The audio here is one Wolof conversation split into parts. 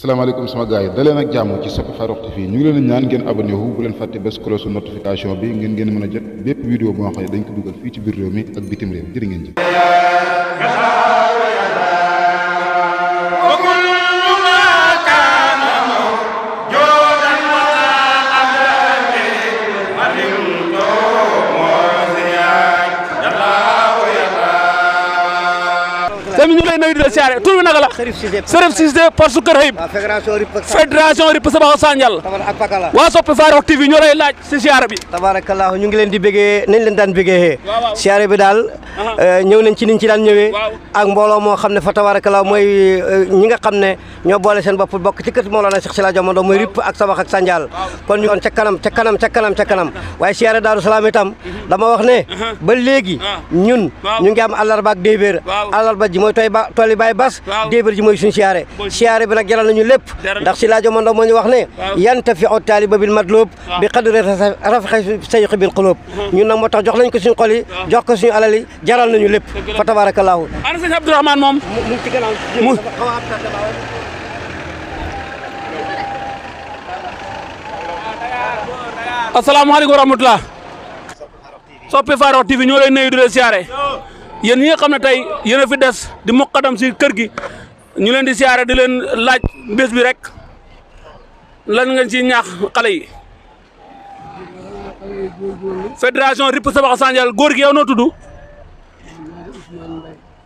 salaamaaleykum sama gars yi daleen ak jàmm ci Sope Farokh TV fii ñu ngi leen di ñaan ngeen abonné bu leen fàtte bés cloche notification bi ngeen mën a jot bépp vidéo boo xam ne dañ ko dugal fii ci biir réew mi ak bitim réew jërë ngeen jëf siyaare tur bi naka la Serif Cissé Porsche Kër Ayib fédération Rip Sa Bakhaw Sandial waa soppi Farokh TV ñoo lay laaj si siyaare bi tabarakallah ñu ngi leen di bégee nañ leen daan bégee siyaare bi daal euh, ñëw nañ ci niñ ci daan ñëwee ak mbooloo moo xam fa tabarakallah mooy euh, ñi nga xam ne ñoo seen bopp bokk ci kër Mawlana Cheikh Sila Jamono mooy Rip ak Sa ak kon ñu on kanam kanam kanam kanam itam mhm. dama wax ne ba léegi ah. ñun ñu ngi am àllarba ak déebéer àllarba ji ba Baye Bass déebér ji mooy suñu siyaare siyaare bi nag jaral nañu lépp ndax si laajo man la moo ñu wax ne yantafiu taaliba bil madloob bi qadri rafaxi sayqi bil quloob ñun nag moo tax jox nañ ko suñu xol yi jox ko suñu alal yi jaral nañu lépp fa tabaarakallaahu ana sëñ Abdourahmane moom mu ci gannaaw asalaamaaleykum wa rahmatulah soppi ñoo lay nuyu di la siyaare yéen ñi nga xam ne tey yéen a fi des di muqadam si kër gi ñu leen di siyaare di leen laaj bés bi rek lan nga ci ñaax xale yi. fédération Rip Sabakh Sandial góor gi yow noo tudd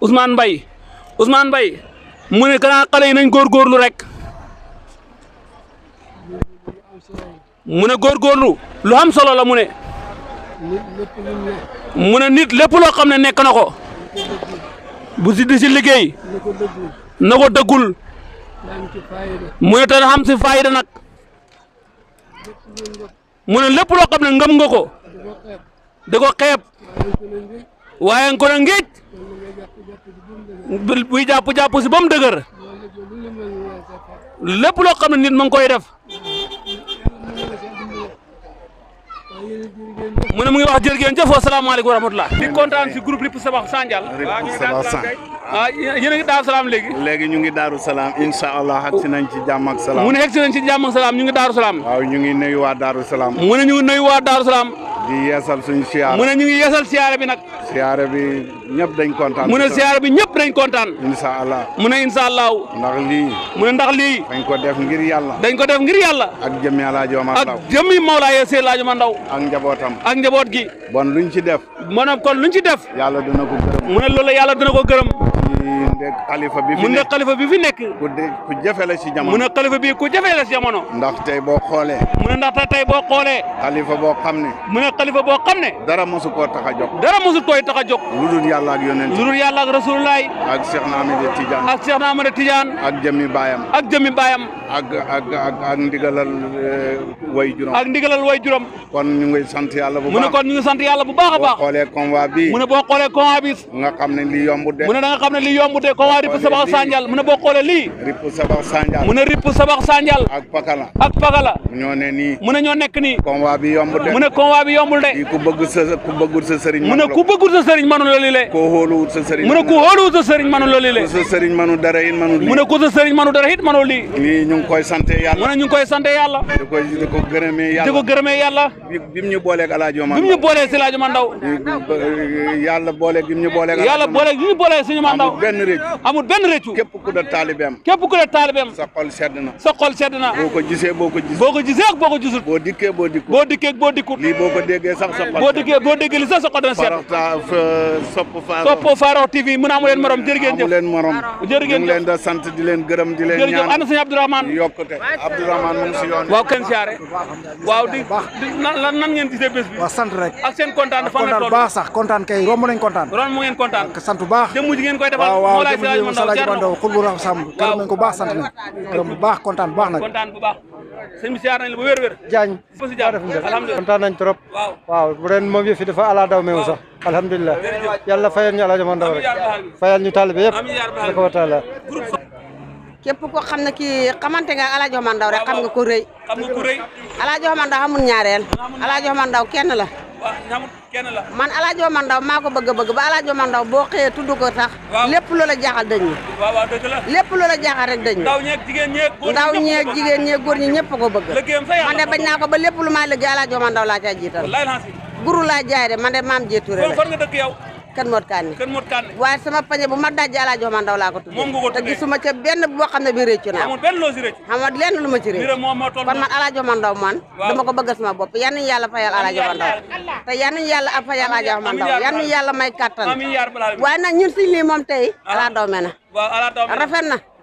usmaan Mbaye usmaan Mbaye mu ne kanaa xale yi nañ góorgóorlu rek mu ne góorgóorlu lu am solo la mu ne mu ne nit lépp loo xam ne nekk na ko bu si di si liggéey na ko dëggul mu ne te xam si faayida nag mu ne lépp loo xam ne ngëm nga ko da ko xeeb waaye nga ko ne ngéej jàpp jàpp si ba mu dëgër lépp loo xam ne nit ma ngi koy def. mu mu ngi wax jërëgeen jëf asalaamaaleykum wa rahmatulah. di kontaan si groupe Rip Sabakh Sandial. Rip Sabakh Sandial ah yéen a ngi daaru léegi. ñu ngi daaru salaam incha allah xëcc nañ ci jàmm ak salaam. mu ne na nañ ci jàmm ak salaam ñu ngi daaru salaam. waaw ñu ngi nuyu waa daaru salaam. mu ne ñu ngi nuyu waa daaru salaam. di yeesal suñu bi nag. Siara bi ñëpp dañ kontaan mu siara bi ñëpp dañ kontaan insha allah mu ne allah ndax li mu ndax lii dañ ko def ngir yalla. dañ ko def ngir yalla. ak jëmmi ala ma ndaw ak mau mawla ye sey laaji ma ndaw ak njabootam ak njaboot gi bon luñ ci def mu ne kon luñ ci def Yalla dina ko gërëm mu ne loolu yàlla dina ko gërëm ndek khalifa bi fi nek. ne khalifa bi fi nek. ku ku jafe ci jamono mu khalifa bi ku jafe ci jamono ndax tey boo xoolee mu ne ndax tey bo xoolee khalifa boo xam ne khalifa dara musukor takajok. dara musukor koy tax a jóg. lu dul yàlla ak yonent lu dul yàlla ak rasulullah ak Cheikh na Ahmed Tidiane ak Cheikh na Ahmed Tidiane ak jëmmi baayam ak jëmmi baayam ak ak ak ak ndigalal eh, way juróom ak ndigalal way juróom kon ñu ngi sant yàlla bu baax mu ne kon ñu ngi sant bu baax a baax boo xoolee convoi bi mu ne boo xoolee convoi bi nga xam ne lii de mu da nga xam ne lii yombu de convoi ripp sabax sandial mu ne boo xoolee lii ripp sabax sandial mu ne ripp sabax sandial ak pakala ak pakala ñoo ne nii mu ne ñoo nekk nii convoi bi yombu de mu ne convoi bi yombul de ku bëgg sa ku bëggul sa sëriñ mu wut a sëriñ manu loolu le koo xooluwut sa sëriñ mu ne koo xooluwut sa sëriñ manu loolu sa sëriñ manu dara it manu lii mu ko sa sëriñ manu dara it manu lii lii ñu ngi koy sante yàlla mu a ñu koy sante yàlla di ko di ko gërëmee yàlla di ko gërëmee yàlla bi mu ñu booleeg alaaji ma bi mu ñu booleeg si alaaji ma ndaw yàlla booleeg bi mu ñu booleeg yàlla booleeg bi ñu booleeg suñu ma ndaw amul sa xol sedd na sa xol sedd na boo ko gisee boo ko gis boo ko gisee ak boo ko gisul boo dikkee boo dikkut boo dikkee boo dikkut lii boo ko déggee Uh, Sopp Faro Sopp Faro TV mën a amu leen morom jërë ngeen leen morom jërë ngeen jëf leen da sant di leen gërëm di leen ñaan jërëjëf ana sëñ Abdourahmane yokkute Abdourahmane mu ngi si yoon waaw kenn siyaare waaw di nan nan ngeen gisee bés bi waaw sant rek ak seen kontaan fan la toll baax sax kontaan kay romb nañ kontaan romb mu ngeen kontaan sant bu baax jëmm ji ngeen koy defal waaw jëmm ji Alaaji Mandaw xulbu rax sam gërëm nañ ko baax sant nañ gërëm bu baax kontaan bu baax nag kontaan bu baax sëñ bi siyaar nañ la bu wér wér jaañ kontaan nañ trop waaw ren moom yëf alhamdulillah yàlla ya fayal ñu alaaji Mandaw rek fayal ñu taalibe yëpp dako wa taala képp koo xam ne xamante nga alaaji Mandaw rek xam nga ko rëy alaaji Mandaw amul ñaareel kenn la man alaaji Mandaw maa ko bëgg bëgg ba alaaji Mandaw boo xëyee tudd ko tax lépp loola jaaxal dañ ñu lépp loola jaaxal rek dañ ñu ndaw ñeeg jigéen ñeeg góor ñi ñëpp ko bëgg man de bañ naa ko ba lépp lu maa liggéey alaaji guru la jaay de man de mam jee Touré la fan nga yow kan mot kaan kan moot kaan waaye sama pagne bu ma dajja la jox ma ndaw la ko tudd moom nga ko te gisuma ca ben bo xamne bi reccu na amul benn loo si réccu xam nga lenn lu ma ci réccu kon man alaa jox ma ndaw man dama ko beug sama bop yanni yalla fayal ala jox ma ndaw te yanni yalla yàlla a fayal alaa jox ma ndaw yal nañu yàlla may kattan wa na ñun suñ lii moom tey ah. alaa daw me na rafet na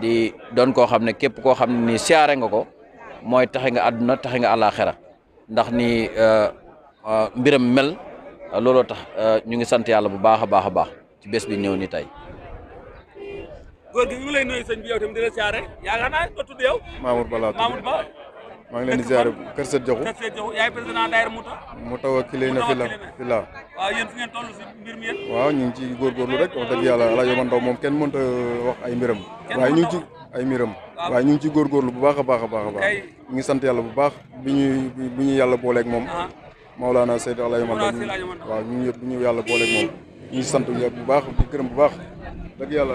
di doon koo xam ne képp koo xam ne nii siyaare nga ko mooy taxe nga àdduna taxe nga àllaaxira ndax ni euh, euh, mbiram mel looloo tax euh, ñu ngi sant yàlla bu baax a baax a baax ci bés bi ñëw ni tey. góor maa ngi leen di ziare Kër Sët Jaxu Kër Sët Jaxu na fi la fi waaw yéen fu ngeen toll si mbir waaw ñu ngi ci góorgóorlu rek wax dëgg yàlla ala yoman ndaw moom kenn mënta wax ay mbiram waaye ñu ngi ci ay mbiram waaye ñu ngi ci góorgóorlu bu baax a baax a baax a baax ñu ngi sant yàlla bu baax bi ñuy bi ñu yàlla booleeg moom Maolana Seydi ala yoman ndaw waaw ñu yëpp bi ñu yàlla booleeg moom ñu sant bu baax di gërëm bu baax dëgg yàlla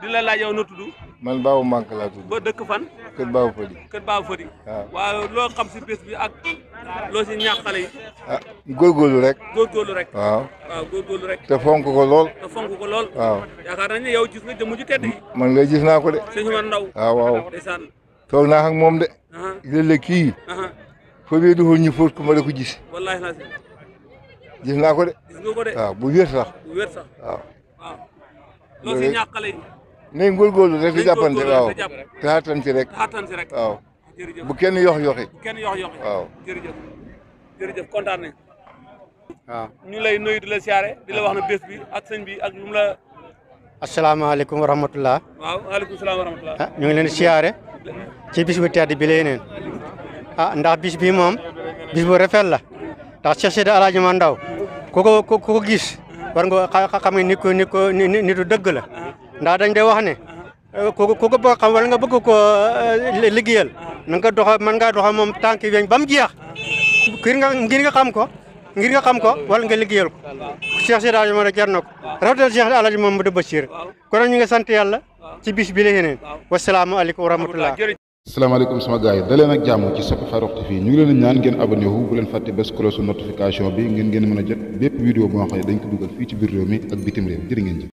di la laaj yow na tudd. man Babou Mank laa tudd. ba dëkk fan. kër Babou Fadi. kër Babou loo xam si bi ak loo si ñaax xale yi. ah rek. góorgóorlu rek. fonk ko lool. te fonk ko lool. waaw nga jëmm ju tedd man nga gis naa ko de. sëñ Umar Ndaw. Ah, waaw naa ak moom de. léeg kii. foofu yéen dafoo ñu fóot ko ma da ko gis. naa ko de. gis ah, bu wér sax. bu ah. loo si ñaax nañ góorgóorlu rek di jàppante waaw te xaatante rek xaatante rek waaw bu kenn yox yoxi bu kenn yox yoxi waaw jërëjëf jërëjëf kontaan contane waw ñu lay nuyu dila siaré dila wax na bés bi ak señ bi ak lu la assalamu alaykum wa rahmatullah wa alaykum assalam wa rahmatullah ah, ñu ngi leen siaré ci bis bu tedd bi lay ah ndax bis bi mom bis bu rafet la ndax Cheikh Seydi El Hadji Mandaw koko koko gis war nga xam nga nit ko nit ko nitu deug la nda dañ day wax ne ko ko ko xam wal nga bëgg ko liggéeyal nanga dox man nga dox mom tanki weñ bam jeex ngir nga ngir nga xam ko ngir nga xam ko wal nga liggéeyal ko cheikh cheikh dañu mëna jarnok na cheikh alaji mamadou bachir ko ñu nga sant yalla ci bis bi la yeneen alaykum wa rahmatullah asalaamaaleykum sama gaay yi da leen ak jàmm ci sopp farox TV ñu ngi leen ñaan ngeen abonné wu bu leen fatte bes cloche notification bi ngeen ngeen mëna a jot bépp vidéo bo xam dañ ko duggal fi ci bir réew mi ak bitim réew jërë ngeen